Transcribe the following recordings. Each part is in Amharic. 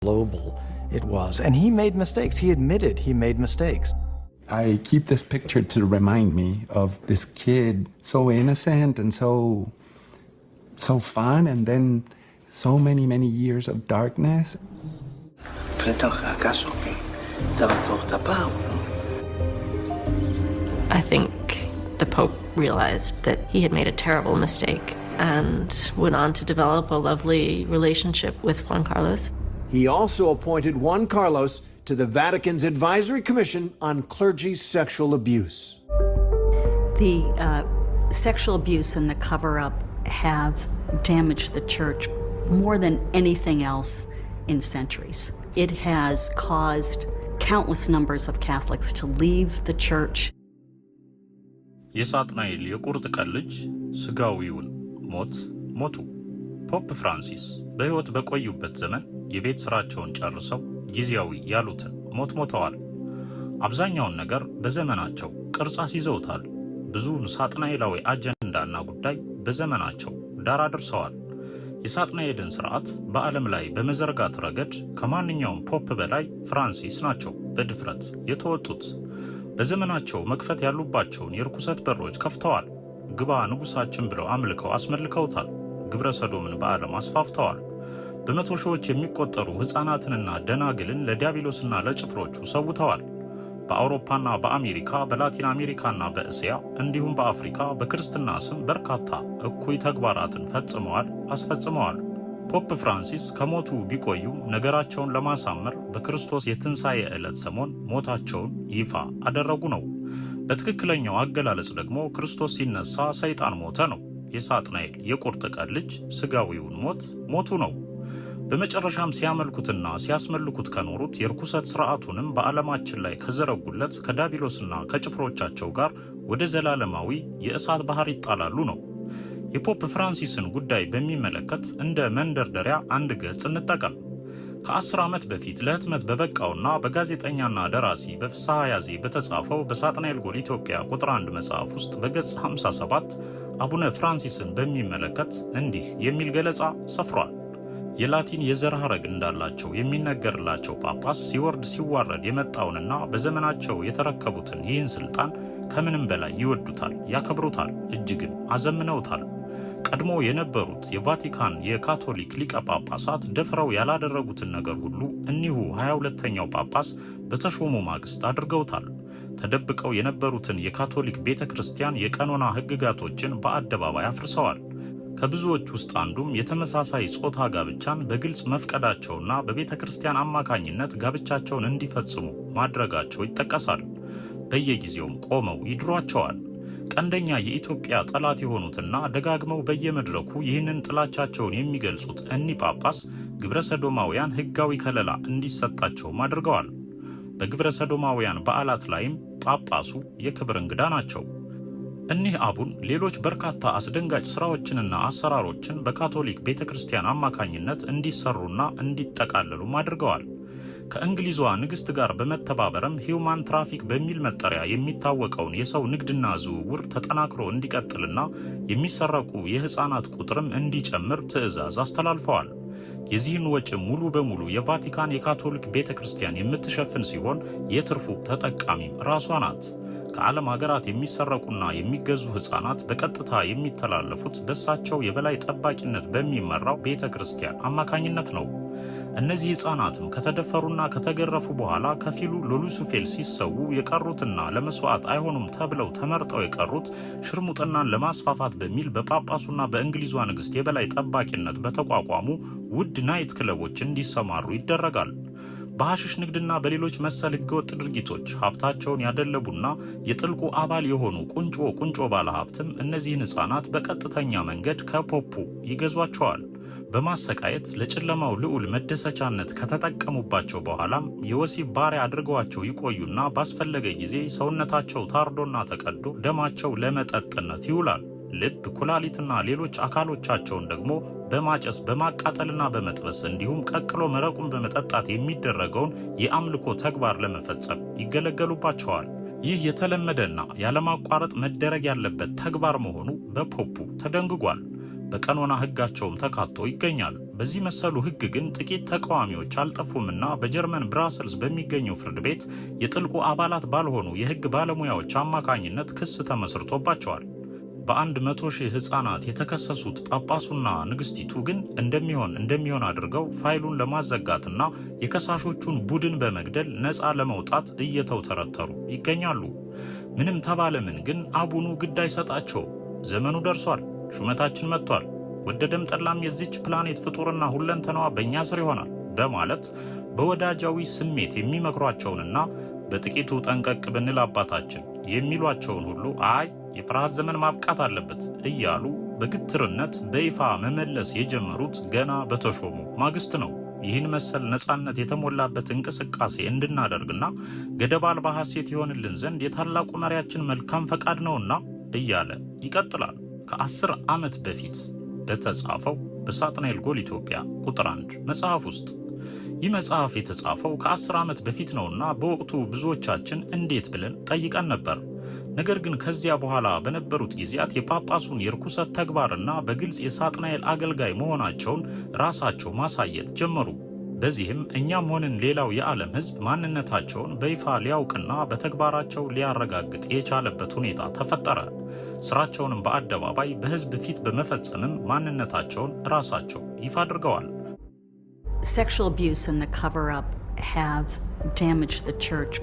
global it was. And he made mistakes. He admitted he made mistakes. I keep this picture to remind me of this kid, so innocent and so, so fun, and then so many, many years of darkness. I think the Pope realized that he had made a terrible mistake and went on to develop a lovely relationship with Juan Carlos. He also appointed Juan Carlos to the Vatican's Advisory Commission on Clergy Sexual Abuse. The uh, sexual abuse and the cover up have damaged the church more than anything else in centuries. It has caused countless numbers of Catholics to leave the church. የሳጥናኤል የቁርጥ ቀን ልጅ ስጋዊውን ሞት ሞቱ። ፖፕ ፍራንሲስ በሕይወት በቆዩበት ዘመን የቤት ስራቸውን ጨርሰው ጊዜያዊ ያሉትን ሞት ሞተዋል። አብዛኛውን ነገር በዘመናቸው ቅርጽ አስይዘውታል። ብዙውን ሳጥናኤላዊ አጀንዳና ጉዳይ በዘመናቸው ዳር አድርሰዋል። የሳጥናኤልን ስርዓት በዓለም ላይ በመዘርጋት ረገድ ከማንኛውም ፖፕ በላይ ፍራንሲስ ናቸው በድፍረት የተወጡት። በዘመናቸው መክፈት ያሉባቸውን የርኩሰት በሮች ከፍተዋል። ግባ ንጉሳችን ብለው አምልከው አስመልከውታል። ግብረ ሰዶምን በዓለም አስፋፍተዋል። በመቶ ሺዎች የሚቆጠሩ ሕፃናትንና ደናግልን ለዲያብሎስና ለጭፍሮቹ ሰውተዋል። በአውሮፓና በአሜሪካ በላቲን አሜሪካና በእስያ እንዲሁም በአፍሪካ በክርስትና ስም በርካታ እኩይ ተግባራትን ፈጽመዋል፣ አስፈጽመዋል። ፖፕ ፍራንሲስ ከሞቱ ቢቆዩም ነገራቸውን ለማሳመር በክርስቶስ የትንሣኤ ዕለት ሰሞን ሞታቸውን ይፋ አደረጉ ነው። በትክክለኛው አገላለጽ ደግሞ ክርስቶስ ሲነሳ ሰይጣን ሞተ ነው። የሳጥናኤል የቁርጥ ቀን ልጅ ሥጋዊውን ሞት ሞቱ ነው። በመጨረሻም ሲያመልኩትና ሲያስመልኩት ከኖሩት የርኩሰት ሥርዓቱንም በዓለማችን ላይ ከዘረጉለት ከዳቢሎስና ከጭፍሮቻቸው ጋር ወደ ዘላለማዊ የእሳት ባህር ይጣላሉ ነው። የፖፕ ፍራንሲስን ጉዳይ በሚመለከት እንደ መንደርደሪያ አንድ ገጽ እንጠቀም። ከአስር ዓመት በፊት ለህትመት በበቃውና በጋዜጠኛና ደራሲ በፍስሐ ያዜ በተጻፈው በሳጥናኤል ጎል ኢትዮጵያ ቁጥር አንድ መጽሐፍ ውስጥ በገጽ 57 አቡነ ፍራንሲስን በሚመለከት እንዲህ የሚል ገለጻ ሰፍሯል። የላቲን የዘር ሐረግ እንዳላቸው የሚነገርላቸው ጳጳስ ሲወርድ ሲዋረድ የመጣውንና በዘመናቸው የተረከቡትን ይህን ስልጣን ከምንም በላይ ይወዱታል፣ ያከብሩታል፣ እጅግም አዘምነውታል። ቀድሞ የነበሩት የቫቲካን የካቶሊክ ሊቀ ጳጳሳት ደፍረው ያላደረጉትን ነገር ሁሉ እኒሁ 22 ተኛው ጳጳስ በተሾሙ ማግስት አድርገውታል። ተደብቀው የነበሩትን የካቶሊክ ቤተ ክርስቲያን የቀኖና ሕግጋቶችን በአደባባይ አፍርሰዋል። ከብዙዎች ውስጥ አንዱም የተመሳሳይ ጾታ ጋብቻን በግልጽ መፍቀዳቸውና በቤተ ክርስቲያን አማካኝነት ጋብቻቸውን እንዲፈጽሙ ማድረጋቸው ይጠቀሳል። በየጊዜውም ቆመው ይድሯቸዋል። ቀንደኛ የኢትዮጵያ ጠላት የሆኑትና ደጋግመው በየመድረኩ ይህንን ጥላቻቸውን የሚገልጹት እኒህ ጳጳስ ግብረ ሰዶማውያን ሕጋዊ ከለላ እንዲሰጣቸውም አድርገዋል። በግብረ ሰዶማውያን በዓላት ላይም ጳጳሱ የክብር እንግዳ ናቸው። እኒህ አቡን ሌሎች በርካታ አስደንጋጭ ስራዎችንና አሰራሮችን በካቶሊክ ቤተ ክርስቲያን አማካኝነት እንዲሰሩና እንዲጠቃለሉም አድርገዋል። ከእንግሊዟ ንግሥት ጋር በመተባበርም ሂውማን ትራፊክ በሚል መጠሪያ የሚታወቀውን የሰው ንግድና ዝውውር ተጠናክሮ እንዲቀጥልና የሚሰረቁ የሕፃናት ቁጥርም እንዲጨምር ትዕዛዝ አስተላልፈዋል። የዚህን ወጪ ሙሉ በሙሉ የቫቲካን የካቶሊክ ቤተ ክርስቲያን የምትሸፍን ሲሆን የትርፉ ተጠቃሚም ራሷ ናት። ከዓለም ሀገራት የሚሰረቁና የሚገዙ ህጻናት በቀጥታ የሚተላለፉት በእሳቸው የበላይ ጠባቂነት በሚመራው ቤተ ክርስቲያን አማካኝነት ነው። እነዚህ ህጻናትም ከተደፈሩና ከተገረፉ በኋላ ከፊሉ ለሉሲፌል ሲሰዉ የቀሩትና ለመስዋዕት አይሆኑም ተብለው ተመርጠው የቀሩት ሽርሙጥናን ለማስፋፋት በሚል በጳጳሱና በእንግሊዟ ንግሥት የበላይ ጠባቂነት በተቋቋሙ ውድ ናይት ክለቦች እንዲሰማሩ ይደረጋል። በሐሽሽ ንግድና በሌሎች መሰል ህገወጥ ድርጊቶች ሀብታቸውን ያደለቡና የጥልቁ አባል የሆኑ ቁንጮ ቁንጮ ባለሀብትም እነዚህን ህፃናት በቀጥተኛ መንገድ ከፖፑ ይገዟቸዋል። በማሰቃየት ለጨለማው ልዑል መደሰቻነት ከተጠቀሙባቸው በኋላም የወሲብ ባሪያ አድርገዋቸው ይቆዩና ባስፈለገ ጊዜ ሰውነታቸው ታርዶና ተቀዶ ደማቸው ለመጠጥነት ይውላል። ልብ፣ ኩላሊትና ሌሎች አካሎቻቸውን ደግሞ በማጨስ በማቃጠልና በመጥበስ እንዲሁም ቀቅሎ መረቁን በመጠጣት የሚደረገውን የአምልኮ ተግባር ለመፈጸም ይገለገሉባቸዋል። ይህ የተለመደና ያለማቋረጥ መደረግ ያለበት ተግባር መሆኑ በፖፑ ተደንግጓል፣ በቀኖና ሕጋቸውም ተካቶ ይገኛል። በዚህ መሰሉ ሕግ ግን ጥቂት ተቃዋሚዎች አልጠፉምና በጀርመን ብራስልስ በሚገኘው ፍርድ ቤት የጥልቁ አባላት ባልሆኑ የሕግ ባለሙያዎች አማካኝነት ክስ ተመስርቶባቸዋል። በአንድ መቶ ሺህ ህፃናት የተከሰሱት ጳጳሱና ንግስቲቱ ግን እንደሚሆን እንደሚሆን አድርገው ፋይሉን ለማዘጋትና የከሳሾቹን ቡድን በመግደል ነፃ ለመውጣት እየተውተረተሩ ይገኛሉ። ምንም ተባለ ምን ግን አቡኑ ግድ አይሰጣቸው። ዘመኑ ደርሷል። ሹመታችን መጥቷል። ወደደም ጠላም የዚች ፕላኔት ፍጡርና ሁለንተናዋ በእኛ ስር ይሆናል በማለት በወዳጃዊ ስሜት የሚመክሯቸውንና በጥቂቱ ጠንቀቅ ብንል አባታችን የሚሏቸውን ሁሉ አይ የፍርሃት ዘመን ማብቃት አለበት እያሉ በግትርነት በይፋ መመለስ የጀመሩት ገና በተሾሙ ማግስት ነው። ይህን መሰል ነፃነት የተሞላበት እንቅስቃሴ እንድናደርግና ገደብ አልባ ሐሴት ይሆንልን ዘንድ የታላቁ መሪያችን መልካም ፈቃድ ነውና እያለ ይቀጥላል። ከአስር ዓመት በፊት በተጻፈው በሳጥናኤል ጎል ኢትዮጵያ ቁጥር አንድ መጽሐፍ ውስጥ ይህ መጽሐፍ የተጻፈው ከአስር ዓመት በፊት ነውና በወቅቱ ብዙዎቻችን እንዴት ብለን ጠይቀን ነበር። ነገር ግን ከዚያ በኋላ በነበሩት ጊዜያት የጳጳሱን የርኩሰት ተግባርና በግልጽ የሳጥናኤል አገልጋይ መሆናቸውን ራሳቸው ማሳየት ጀመሩ። በዚህም እኛም ሆንን ሌላው የዓለም ሕዝብ ማንነታቸውን በይፋ ሊያውቅና በተግባራቸው ሊያረጋግጥ የቻለበት ሁኔታ ተፈጠረ። ስራቸውንም በአደባባይ በሕዝብ ፊት በመፈጸምም ማንነታቸውን ራሳቸው ይፋ አድርገዋል። Sexual abuse and the cover-up have damaged the church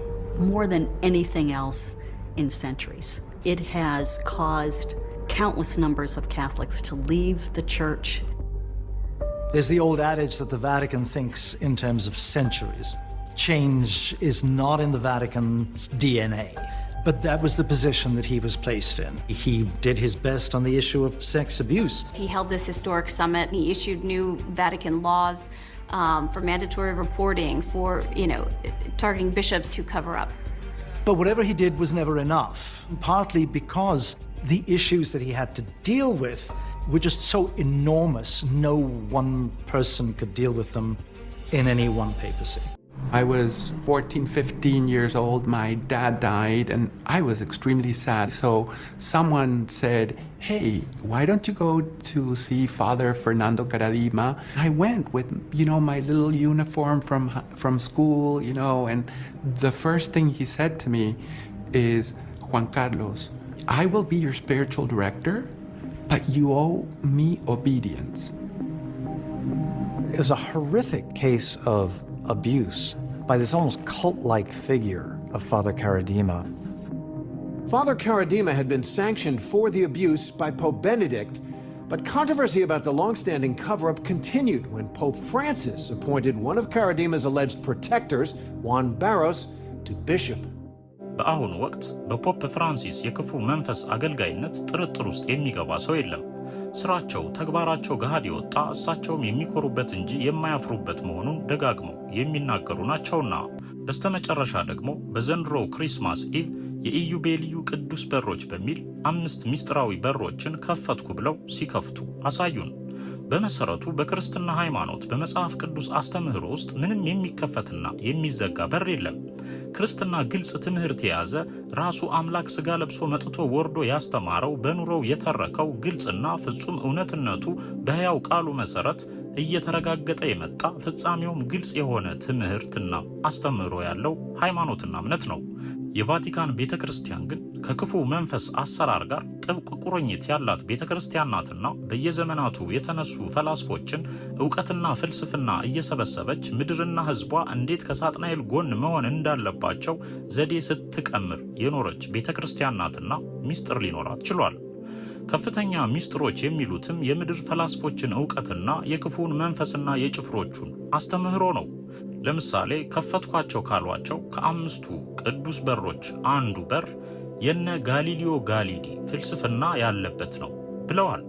more than anything else. in centuries. It has caused countless numbers of Catholics to leave the church. There's the old adage that the Vatican thinks in terms of centuries. Change is not in the Vatican's DNA. But that was the position that he was placed in. He did his best on the issue of sex abuse. He held this historic summit. He issued new Vatican laws um, for mandatory reporting, for, you know, targeting bishops who cover up. But whatever he did was never enough, partly because the issues that he had to deal with were just so enormous, no one person could deal with them in any one papacy. I was 14, 15 years old. My dad died, and I was extremely sad. So someone said, Hey, why don't you go to see Father Fernando Caradima? I went with, you know, my little uniform from, from school, you know, and the first thing he said to me is, Juan Carlos, I will be your spiritual director, but you owe me obedience. It was a horrific case of abuse by this almost cult-like figure of Father Karadima. Father Karadima had been sanctioned for the abuse by Pope Benedict, but controversy about the long-standing cover-up continued when Pope Francis appointed one of Karadima's alleged protectors, Juan Barros, to bishop. በአሁኑ ወቅት በፖፕ ፍራንሲስ የክፉ መንፈስ አገልጋይነት ጥርጥር ውስጥ የሚገባ ሰው የለም። ስራቸው፣ ተግባራቸው ገሃድ የወጣ እሳቸውም የሚኮሩበት እንጂ የማያፍሩበት መሆኑን ደጋግመው የሚናገሩ ናቸውና በስተመጨረሻ ደግሞ በዘንድሮ ክሪስማስ ኢቭ ቤልዩ ቅዱስ በሮች በሚል አምስት ምስጢራዊ በሮችን ከፈትኩ ብለው ሲከፍቱ አሳዩን። በመሰረቱ በክርስትና ሃይማኖት በመጽሐፍ ቅዱስ አስተምህሮ ውስጥ ምንም የሚከፈትና የሚዘጋ በር የለም። ክርስትና ግልጽ ትምህርት የያዘ ራሱ አምላክ ስጋ ለብሶ መጥቶ ወርዶ ያስተማረው በኑሮው የተረከው ግልጽና ፍጹም እውነትነቱ በሕያው ቃሉ መሰረት እየተረጋገጠ የመጣ ፍጻሜውም ግልጽ የሆነ ትምህርትና አስተምህሮ ያለው ሃይማኖትና እምነት ነው። የቫቲካን ቤተ ክርስቲያን ግን ከክፉ መንፈስ አሰራር ጋር ጥብቅ ቁርኝት ያላት ቤተ ክርስቲያን ናትና በየዘመናቱ የተነሱ ፈላስፎችን እውቀትና ፍልስፍና እየሰበሰበች ምድርና ሕዝቧ እንዴት ከሳጥናኤል ጎን መሆን እንዳለባቸው ዘዴ ስትቀምር የኖረች ቤተ ክርስቲያን ናትና ሚስጥር ሊኖራት ችሏል። ከፍተኛ ሚስጥሮች የሚሉትም የምድር ፈላስፎችን እውቀትና የክፉን መንፈስና የጭፍሮቹን አስተምህሮ ነው። ለምሳሌ ከፈትኳቸው ካሏቸው ከአምስቱ ቅዱስ በሮች አንዱ በር የነ ጋሊሊዮ ጋሊሊ ፍልስፍና ያለበት ነው ብለዋል።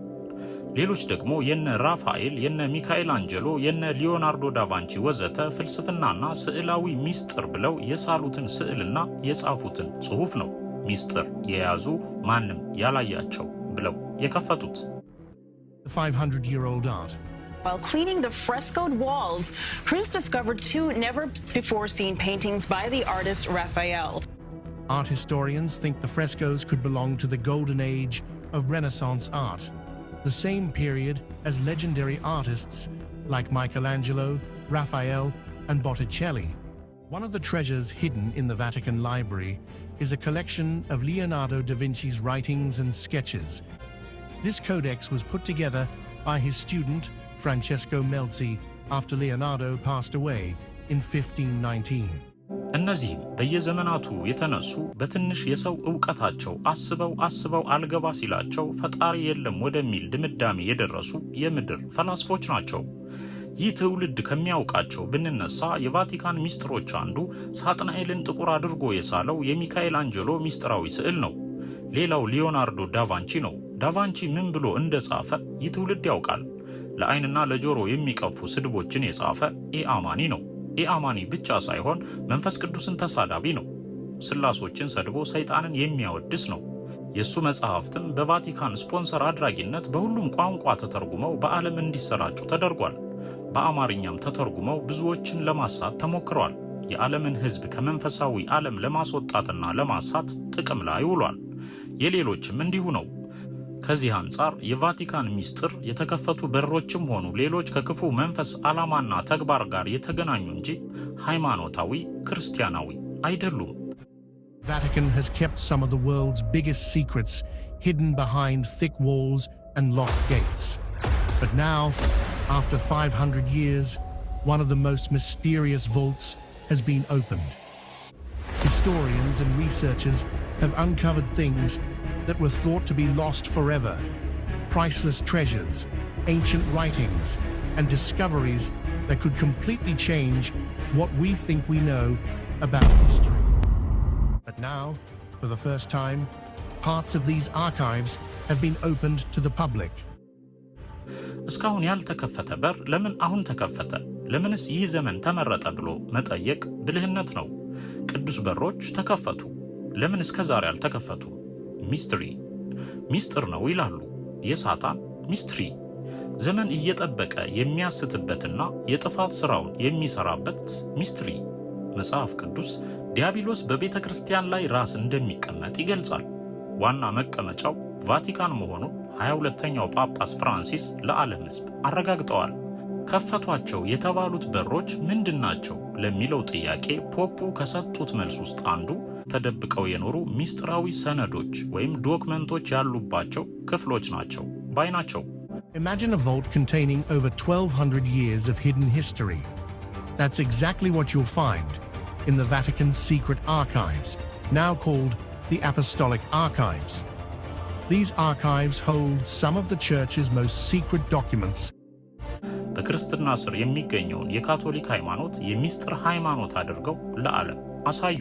ሌሎች ደግሞ የነ ራፋኤል፣ የነ ሚካኤል አንጀሎ፣ የነ ሊዮናርዶ ዳቫንቺ ወዘተ ፍልስፍናና ስዕላዊ ሚስጥር ብለው የሳሉትን ስዕልና የጻፉትን ጽሑፍ ነው ሚስጥር የያዙ ማንም ያላያቸው ብለው የከፈቱት 500 year old art While cleaning the frescoed walls, Cruz discovered two never-before-seen paintings by the artist Raphael. Art historians think the frescoes could belong to the golden age of Renaissance art, the same period as legendary artists like Michelangelo, Raphael, and Botticelli. One of the treasures hidden in the Vatican Library is a collection of Leonardo da Vinci's writings and sketches. This codex was put together by his student Francesco Melzi after Leonardo passed away in 1519. እነዚህም በየዘመናቱ የተነሱ በትንሽ የሰው እውቀታቸው አስበው አስበው አልገባ ሲላቸው ፈጣሪ የለም ወደሚል ድምዳሜ የደረሱ የምድር ፈላስፎች ናቸው። ይህ ትውልድ ከሚያውቃቸው ብንነሳ የቫቲካን ሚስጥሮች አንዱ ሳጥናኤልን ጥቁር አድርጎ የሳለው የሚካኤል አንጀሎ ሚስጥራዊ ስዕል ነው። ሌላው ሊዮናርዶ ዳቫንቺ ነው። ዳቫንቺ ምን ብሎ እንደጻፈ ይህ ትውልድ ያውቃል። ለዓይንና ለጆሮ የሚቀፉ ስድቦችን የጻፈ ኢአማኒ ነው። ኢአማኒ ብቻ ሳይሆን መንፈስ ቅዱስን ተሳዳቢ ነው። ስላሶችን ሰድቦ ሰይጣንን የሚያወድስ ነው። የእሱ መጽሐፍትም በቫቲካን ስፖንሰር አድራጊነት በሁሉም ቋንቋ ተተርጉመው በዓለም እንዲሰራጩ ተደርጓል። በአማርኛም ተተርጉመው ብዙዎችን ለማሳት ተሞክሯል። የዓለምን ሕዝብ ከመንፈሳዊ ዓለም ለማስወጣትና ለማሳት ጥቅም ላይ ውሏል። የሌሎችም እንዲሁ ነው። ከዚህ አንጻር የቫቲካን ሚስጥር የተከፈቱ በሮችም ሆኑ ሌሎች ከክፉ መንፈስ ዓላማና ተግባር ጋር የተገናኙ እንጂ ሃይማኖታዊ ክርስቲያናዊ አይደሉም። Vatican has kept some of the world's biggest secrets hidden behind thick walls and locked gates. But now, after 500 years, one of the most mysterious vaults has been opened. Historians and researchers have uncovered things that were thought to be lost forever, priceless treasures, ancient writings, and discoveries that could completely change what we think we know about history. But now, for the first time, parts of these archives have been opened to the public. እስካሁን ያልተከፈተ በር ለምን አሁን ተከፈተ? ለምንስ ይህ ዘመን ተመረጠ ብሎ መጠየቅ ብልህነት ነው። ቅዱስ በሮች ተከፈቱ። ለምን እስከ ዛሬ አልተከፈቱ? ሚስትሪ ሚስጥር ነው ይላሉ። የሳጣን ሚስትሪ ዘመን እየጠበቀ የሚያስትበትና የጥፋት ስራውን የሚሰራበት ሚስትሪ። መጽሐፍ ቅዱስ ዲያብሎስ በቤተ ክርስቲያን ላይ ራስ እንደሚቀመጥ ይገልጻል። ዋና መቀመጫው ቫቲካን መሆኑን 22ኛው ጳጳስ ፍራንሲስ ለዓለም ሕዝብ አረጋግጠዋል። ከፈቷቸው የተባሉት በሮች ምንድናቸው ለሚለው ጥያቄ ፖፑ ከሰጡት መልስ ውስጥ አንዱ ተደብቀው የኖሩ ሚስጥራዊ ሰነዶች ወይም ዶክመንቶች ያሉባቸው ክፍሎች ናቸው ባይ ናቸው። Imagine a vault containing over 1200 years of hidden history. That's exactly what you'll find in the Vatican's secret archives, now called the Apostolic Archives. These archives hold some of the church's most secret documents. በክርስትና ስር የሚገኘውን የካቶሊክ ሃይማኖት የሚስጥር ሃይማኖት አድርገው ለዓለም አሳዩ።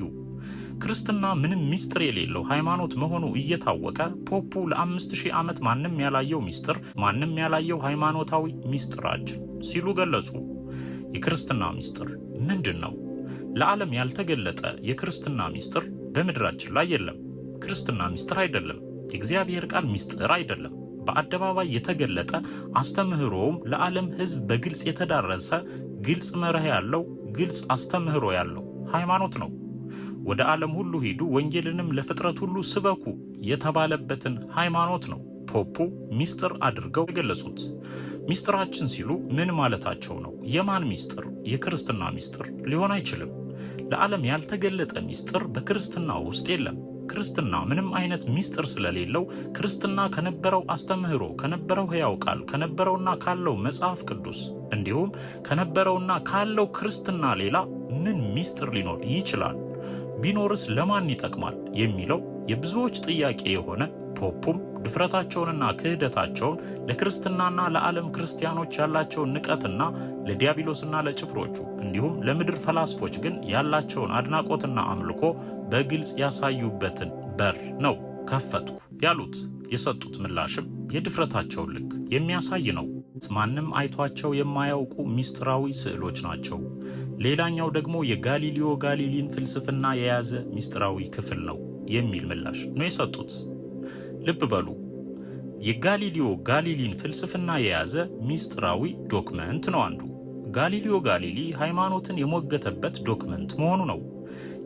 ክርስትና ምንም ሚስጥር የሌለው ሃይማኖት መሆኑ እየታወቀ ፖፑ ለአምስት ሺህ ዓመት ማንም ያላየው ሚስጥር ማንም ያላየው ሃይማኖታዊ ሚስጥራችን ሲሉ ገለጹ። የክርስትና ሚስጥር ምንድን ነው? ለዓለም ያልተገለጠ የክርስትና ሚስጥር በምድራችን ላይ የለም። ክርስትና ሚስጥር አይደለም። የእግዚአብሔር ቃል ሚስጥር አይደለም። በአደባባይ የተገለጠ አስተምህሮውም ለዓለም ሕዝብ በግልጽ የተዳረሰ ግልጽ መርህ ያለው ግልጽ አስተምህሮ ያለው ሃይማኖት ነው። ወደ ዓለም ሁሉ ሂዱ ወንጌልንም ለፍጥረት ሁሉ ስበኩ የተባለበትን ሃይማኖት ነው ፖፑ ሚስጥር አድርገው የገለጹት። ሚስጥራችን ሲሉ ምን ማለታቸው ነው? የማን ሚስጥር? የክርስትና ሚስጥር ሊሆን አይችልም። ለዓለም ያልተገለጠ ሚስጥር በክርስትና ውስጥ የለም። ክርስትና ምንም አይነት ሚስጥር ስለሌለው ክርስትና ከነበረው አስተምህሮ ከነበረው ሕያው ቃል ከነበረውና ካለው መጽሐፍ ቅዱስ እንዲሁም ከነበረውና ካለው ክርስትና ሌላ ምን ሚስጥር ሊኖር ይችላል? ቢኖርስ ለማን ይጠቅማል የሚለው የብዙዎች ጥያቄ የሆነ ፖፑም ድፍረታቸውንና ክህደታቸውን ለክርስትናና ለዓለም ክርስቲያኖች ያላቸውን ንቀትና ለዲያብሎስና ለጭፍሮቹ እንዲሁም ለምድር ፈላስፎች ግን ያላቸውን አድናቆትና አምልኮ በግልጽ ያሳዩበትን በር ነው ከፈትኩ ያሉት። የሰጡት ምላሽም የድፍረታቸውን ልክ የሚያሳይ ነው። ማንም አይቷቸው የማያውቁ ሚስጥራዊ ስዕሎች ናቸው። ሌላኛው ደግሞ የጋሊሊዮ ጋሊሊን ፍልስፍና የያዘ ሚስጥራዊ ክፍል ነው የሚል ምላሽ ነው የሰጡት። ልብ በሉ የጋሊሊዮ ጋሊሊን ፍልስፍና የያዘ ሚስጥራዊ ዶክመንት ነው አንዱ። ጋሊሊዮ ጋሊሊ ሃይማኖትን የሞገተበት ዶክመንት መሆኑ ነው።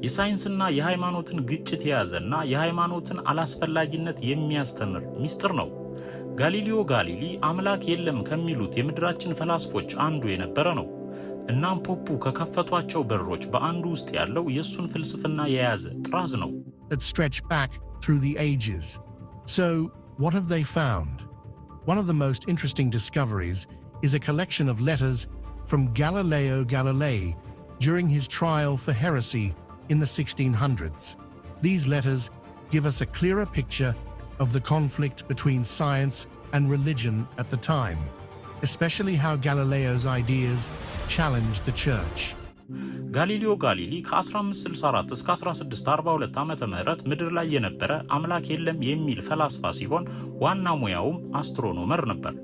የሳይንስና የሃይማኖትን ግጭት የያዘና የሃይማኖትን አላስፈላጊነት የሚያስተምር ሚስጥር ነው። ጋሊሊዮ ጋሊሊ አምላክ የለም ከሚሉት የምድራችን ፈላስፎች አንዱ የነበረ ነው። እናም ፖፑ ከከፈቷቸው በሮች በአንዱ ውስጥ ያለው የእሱን ፍልስፍና የያዘ ጥራዝ ነው። One of the most interesting discoveries is a collection of letters from Galileo Galilei during his trial for heresy in the 1600s. These letters give us a clearer picture of the conflict between science and religion at the time. especially how Galileo's ideas challenged the church. ጋሊሊዮ ጋሊሊ ከ1564 እስከ 1642 ዓመተ ምህረት ምድር ላይ የነበረ አምላክ የለም የሚል ፈላስፋ ሲሆን ዋና ሙያውም አስትሮኖመር ነበር።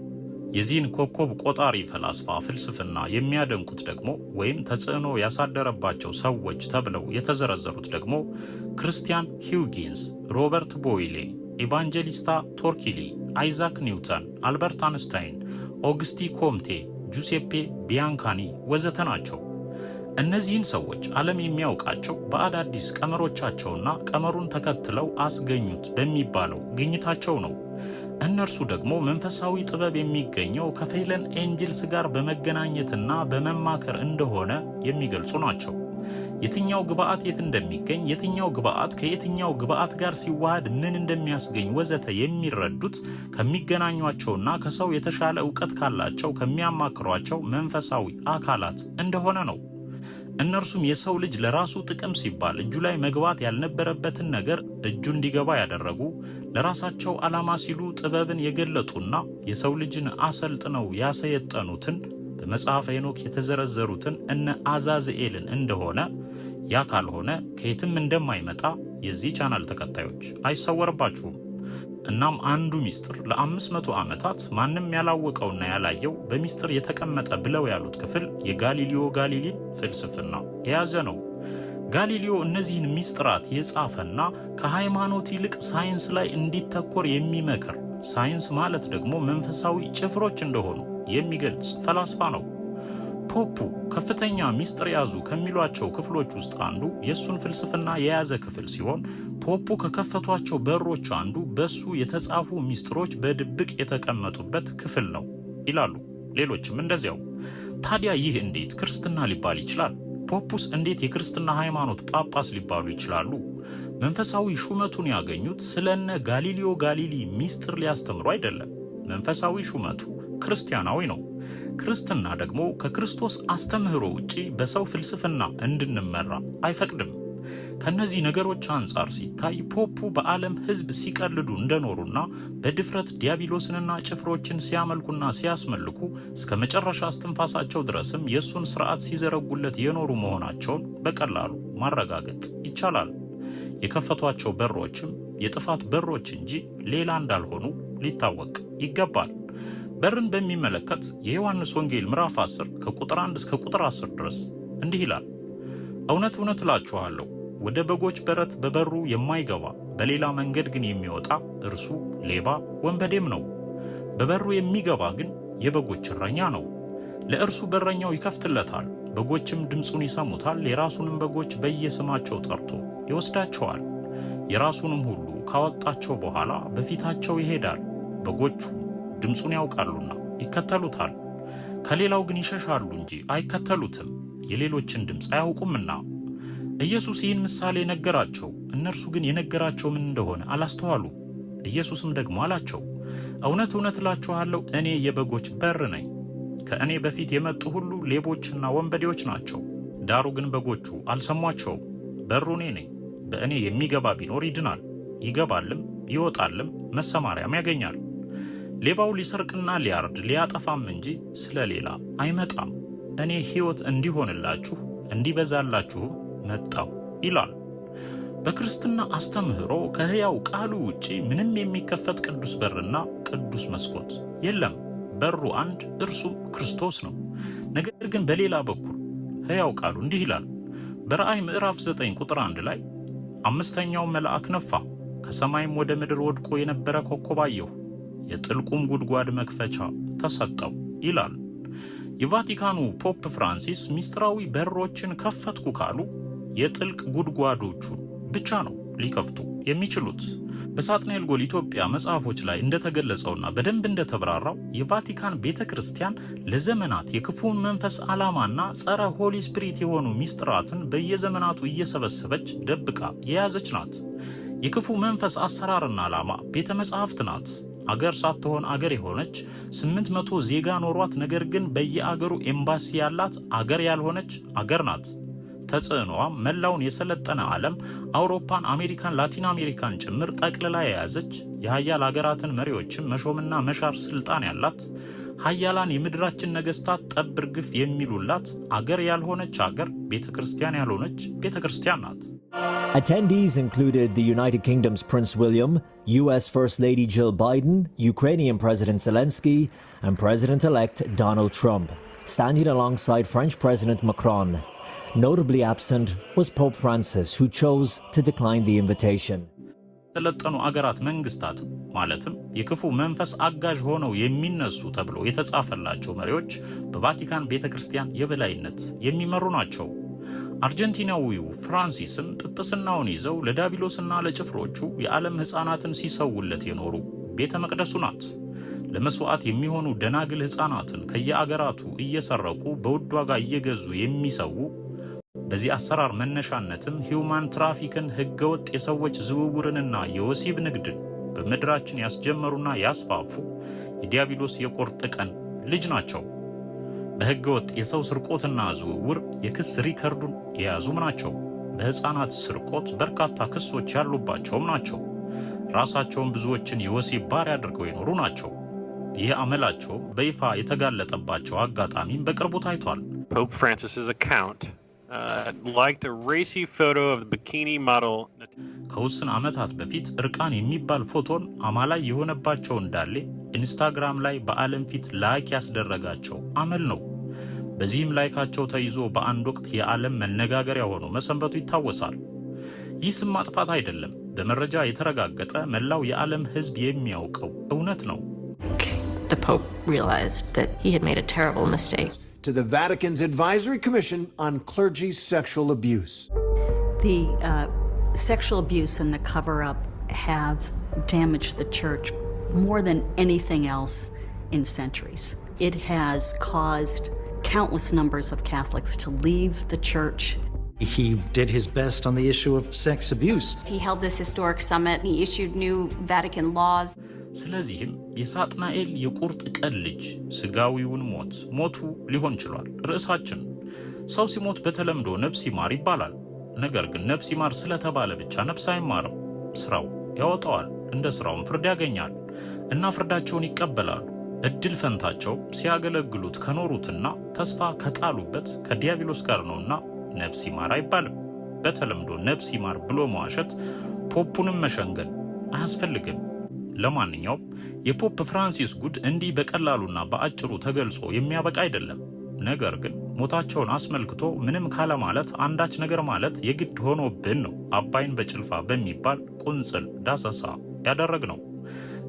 የዚህን ኮከብ ቆጣሪ ፈላስፋ ፍልስፍና የሚያደንቁት ደግሞ ወይም ተጽዕኖ ያሳደረባቸው ሰዎች ተብለው የተዘረዘሩት ደግሞ ክርስቲያን ሂውጊንስ፣ ሮበርት ቦይሌ፣ ኤቫንጀሊስታ ቶርኪሊ፣ አይዛክ ኒውተን፣ አልበርት አንስታይን ኦግስቲ ኮምቴ፣ ጁሴፔ ቢያንካኒ ወዘተ ናቸው። እነዚህን ሰዎች ዓለም የሚያውቃቸው በአዳዲስ ቀመሮቻቸውና ቀመሩን ተከትለው አስገኙት በሚባለው ግኝታቸው ነው። እነርሱ ደግሞ መንፈሳዊ ጥበብ የሚገኘው ከፌለን ኤንጅልስ ጋር በመገናኘትና በመማከር እንደሆነ የሚገልጹ ናቸው። የትኛው ግብአት የት እንደሚገኝ፣ የትኛው ግብአት ከየትኛው ግብአት ጋር ሲዋሃድ ምን እንደሚያስገኝ ወዘተ የሚረዱት ከሚገናኟቸውና ከሰው የተሻለ እውቀት ካላቸው ከሚያማክሯቸው መንፈሳዊ አካላት እንደሆነ ነው። እነርሱም የሰው ልጅ ለራሱ ጥቅም ሲባል እጁ ላይ መግባት ያልነበረበትን ነገር እጁ እንዲገባ ያደረጉ፣ ለራሳቸው ዓላማ ሲሉ ጥበብን የገለጡና የሰው ልጅን አሰልጥነው ያሰየጠኑትን በመጽሐፈ ሄኖክ የተዘረዘሩትን እነ አዛዝኤልን እንደሆነ ያ ካልሆነ ከየትም እንደማይመጣ የዚህ ቻናል ተከታዮች አይሰወርባችሁም። እናም አንዱ ሚስጥር ለ500 ዓመታት ማንም ያላወቀውና ያላየው በሚስጥር የተቀመጠ ብለው ያሉት ክፍል የጋሊሊዮ ጋሊሊን ፍልስፍና የያዘ ነው። ጋሊሊዮ እነዚህን ሚስጥራት የጻፈና ከሃይማኖት ይልቅ ሳይንስ ላይ እንዲተኮር የሚመክር ሳይንስ ማለት ደግሞ መንፈሳዊ ጭፍሮች እንደሆኑ የሚገልጽ ፈላስፋ ነው። ፖፑ ከፍተኛ ሚስጥር ያዙ ከሚሏቸው ክፍሎች ውስጥ አንዱ የእሱን ፍልስፍና የያዘ ክፍል ሲሆን ፖፑ ከከፈቷቸው በሮች አንዱ በሱ የተጻፉ ሚስጥሮች በድብቅ የተቀመጡበት ክፍል ነው ይላሉ። ሌሎችም እንደዚያው። ታዲያ ይህ እንዴት ክርስትና ሊባል ይችላል? ፖፑስ እንዴት የክርስትና ሃይማኖት ጳጳስ ሊባሉ ይችላሉ? መንፈሳዊ ሹመቱን ያገኙት ስለነ ጋሊሊዮ ጋሊሊ ሚስጥር ሊያስተምሩ አይደለም። መንፈሳዊ ሹመቱ ክርስቲያናዊ ነው። ክርስትና ደግሞ ከክርስቶስ አስተምህሮ ውጪ በሰው ፍልስፍና እንድንመራ አይፈቅድም። ከነዚህ ነገሮች አንጻር ሲታይ ፖፑ በዓለም ሕዝብ ሲቀልዱ እንደኖሩና በድፍረት ዲያብሎስንና ጭፍሮችን ሲያመልኩና ሲያስመልኩ እስከ መጨረሻ እስትንፋሳቸው ድረስም የእሱን ስርዓት ሲዘረጉለት የኖሩ መሆናቸውን በቀላሉ ማረጋገጥ ይቻላል። የከፈቷቸው በሮችም የጥፋት በሮች እንጂ ሌላ እንዳልሆኑ ሊታወቅ ይገባል። በርን በሚመለከት የዮሐንስ ወንጌል ምዕራፍ 10 ከቁጥር 1 እስከ ቁጥር 10 ድረስ እንዲህ ይላል፣ እውነት እውነት እላችኋለሁ ወደ በጎች በረት በበሩ የማይገባ በሌላ መንገድ ግን የሚወጣ እርሱ ሌባ ወንበዴም ነው። በበሩ የሚገባ ግን የበጎች እረኛ ነው። ለእርሱ በረኛው ይከፍትለታል፣ በጎችም ድምፁን ይሰሙታል። የራሱንም በጎች በየስማቸው ጠርቶ ይወስዳቸዋል። የራሱንም ሁሉ ካወጣቸው በኋላ በፊታቸው ይሄዳል፣ በጎቹ ድምፁን ያውቃሉና ይከተሉታል። ከሌላው ግን ይሸሻሉ እንጂ አይከተሉትም፣ የሌሎችን ድምፅ አያውቁምና። ኢየሱስ ይህን ምሳሌ ነገራቸው፣ እነርሱ ግን የነገራቸው ምን እንደሆነ አላስተዋሉ። ኢየሱስም ደግሞ አላቸው፣ እውነት እውነት እላችኋለሁ እኔ የበጎች በር ነኝ። ከእኔ በፊት የመጡ ሁሉ ሌቦችና ወንበዴዎች ናቸው፣ ዳሩ ግን በጎቹ አልሰሟቸው በሩ እኔ ነኝ። በእኔ የሚገባ ቢኖር ይድናል፣ ይገባልም ይወጣልም መሰማሪያም ያገኛል። ሌባው ሊሰርቅና ሊያርድ ሊያጠፋም እንጂ ስለሌላ አይመጣም። እኔ ሕይወት እንዲሆንላችሁ እንዲበዛላችሁም መጣው ይላል። በክርስትና አስተምህሮ ከሕያው ቃሉ ውጪ ምንም የሚከፈት ቅዱስ በርና ቅዱስ መስኮት የለም። በሩ አንድ፣ እርሱም ክርስቶስ ነው። ነገር ግን በሌላ በኩል ሕያው ቃሉ እንዲህ ይላል። በራእይ ምዕራፍ 9 ቁጥር 1 ላይ አምስተኛው መልአክ ነፋ፣ ከሰማይም ወደ ምድር ወድቆ የነበረ ኮከብ አየሁ። የጥልቁም ጉድጓድ መክፈቻ ተሰጠው ይላል። የቫቲካኑ ፖፕ ፍራንሲስ ሚስጥራዊ በሮችን ከፈትኩ ካሉ የጥልቅ ጉድጓዶቹ ብቻ ነው ሊከፍቱ የሚችሉት። በሳጥናኤል ጎል ኢትዮጵያ መጽሐፎች ላይ እንደተገለጸውና በደንብ እንደተብራራው የቫቲካን ቤተ ክርስቲያን ለዘመናት የክፉውን መንፈስ ዓላማና ጸረ ሆሊ ስፒሪት የሆኑ ሚስጥራትን በየዘመናቱ እየሰበሰበች ደብቃ የያዘች ናት። የክፉ መንፈስ አሰራርና ዓላማ ቤተ መጽሐፍት ናት። አገር ሳትሆን አገር የሆነች ስምንት መቶ ዜጋ ኖሯት ነገር ግን በየአገሩ ኤምባሲ ያላት አገር ያልሆነች አገር ናት። ተጽዕኖዋ መላውን የሰለጠነ ዓለም አውሮፓን፣ አሜሪካን፣ ላቲን አሜሪካን ጭምር ጠቅልላ የያዘች የሀያል አገራትን መሪዎችን መሾምና መሻር ስልጣን ያላት ሀያላን የምድራችን ነገስታት የሚሉላት አገር ያልሆነች አገር፣ ቤተ ክርስቲያን ያልሆነች ቤተ ክርስቲያን ናት። Attendees included the United Kingdom's Prince William, US First Lady Jill Biden, Ukrainian President Zelensky, and President-elect Donald Trump, standing alongside French President Macron. Notably absent was Pope Francis, who chose to decline the invitation. የሰለጠኑ አገራት መንግስታት ማለትም የክፉ መንፈስ አጋዥ ሆነው የሚነሱ ተብሎ የተጻፈላቸው መሪዎች በቫቲካን ቤተ ክርስቲያን የበላይነት የሚመሩ ናቸው። አርጀንቲናዊው ፍራንሲስም ጵጵስናውን ይዘው ለዳቢሎስና ለጭፍሮቹ የዓለም ሕፃናትን ሲሰውለት የኖሩ ቤተ መቅደሱ ናት። ለመስዋዕት የሚሆኑ ደናግል ሕፃናትን ከየአገራቱ እየሰረቁ በውድ ዋጋ እየገዙ የሚሰዉ በዚህ አሰራር መነሻነትም ሂውማን ትራፊክን፣ ህገወጥ የሰዎች ዝውውርንና የወሲብ ንግድን በምድራችን ያስጀመሩና ያስፋፉ የዲያብሎስ የቁርጥ ቀን ልጅ ናቸው። በህገወጥ የሰው ስርቆትና ዝውውር የክስ ሪከርዱን የያዙም ናቸው። በህፃናት ስርቆት በርካታ ክሶች ያሉባቸውም ናቸው። ራሳቸውን ብዙዎችን የወሲብ ባሪያ አድርገው የኖሩ ናቸው። ይህ አመላቸው በይፋ የተጋለጠባቸው አጋጣሚም በቅርቡ ታይቷል። ፖፕ ፍራንሲስ አካውንት ላይክ ዘ ሬሲ ፎቶ ከውስን ዓመታት በፊት እርቃን የሚባል ፎቶን አማላይ የሆነባቸው እንዳሌ ኢንስታግራም ላይ በዓለም ፊት ላይክ ያስደረጋቸው አመል ነው። በዚህም ላይካቸው ተይዞ በአንድ ወቅት የዓለም መነጋገሪያ ሆኖ መሰንበቱ ይታወሳል። ይህ ስም ማጥፋት አይደለም፣ በመረጃ የተረጋገጠ መላው የዓለም ሕዝብ የሚያውቀው እውነት ነው። to the Vatican's Advisory Commission on Clergy Sexual Abuse. The uh, sexual abuse and the cover up have damaged the church more than anything else in centuries. It has caused countless numbers of Catholics to leave the church. He did his best on the issue of sex abuse. He held this historic summit, he issued new Vatican laws. የሳጥናኤል የቁርጥ ቀን ልጅ ስጋዊውን ሞት ሞቱ ሊሆን ችሏል ርዕሳችን። ሰው ሲሞት በተለምዶ ነፍስ ይማር ይባላል። ነገር ግን ነፍስ ይማር ስለተባለ ብቻ ነፍስ አይማርም። ስራው ያወጣዋል፣ እንደ ስራውም ፍርድ ያገኛል እና ፍርዳቸውን ይቀበላሉ። እድል ፈንታቸው ሲያገለግሉት ከኖሩትና ተስፋ ከጣሉበት ከዲያብሎስ ጋር ነውና ነፍስ ይማር አይባልም። በተለምዶ ነፍስ ይማር ብሎ መዋሸት ፖፑንም መሸንገል አያስፈልግም። ለማንኛውም የፖፕ ፍራንሲስ ጉድ እንዲህ በቀላሉና በአጭሩ ተገልጾ የሚያበቃ አይደለም። ነገር ግን ሞታቸውን አስመልክቶ ምንም ካለማለት አንዳች ነገር ማለት የግድ ሆኖብን ነው አባይን በጭልፋ በሚባል ቁንጽል ዳሰሳ ያደረግ ነው።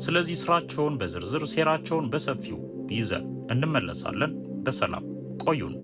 ስለዚህ ስራቸውን በዝርዝር ሴራቸውን በሰፊው ይዘን እንመለሳለን። በሰላም ቆዩን።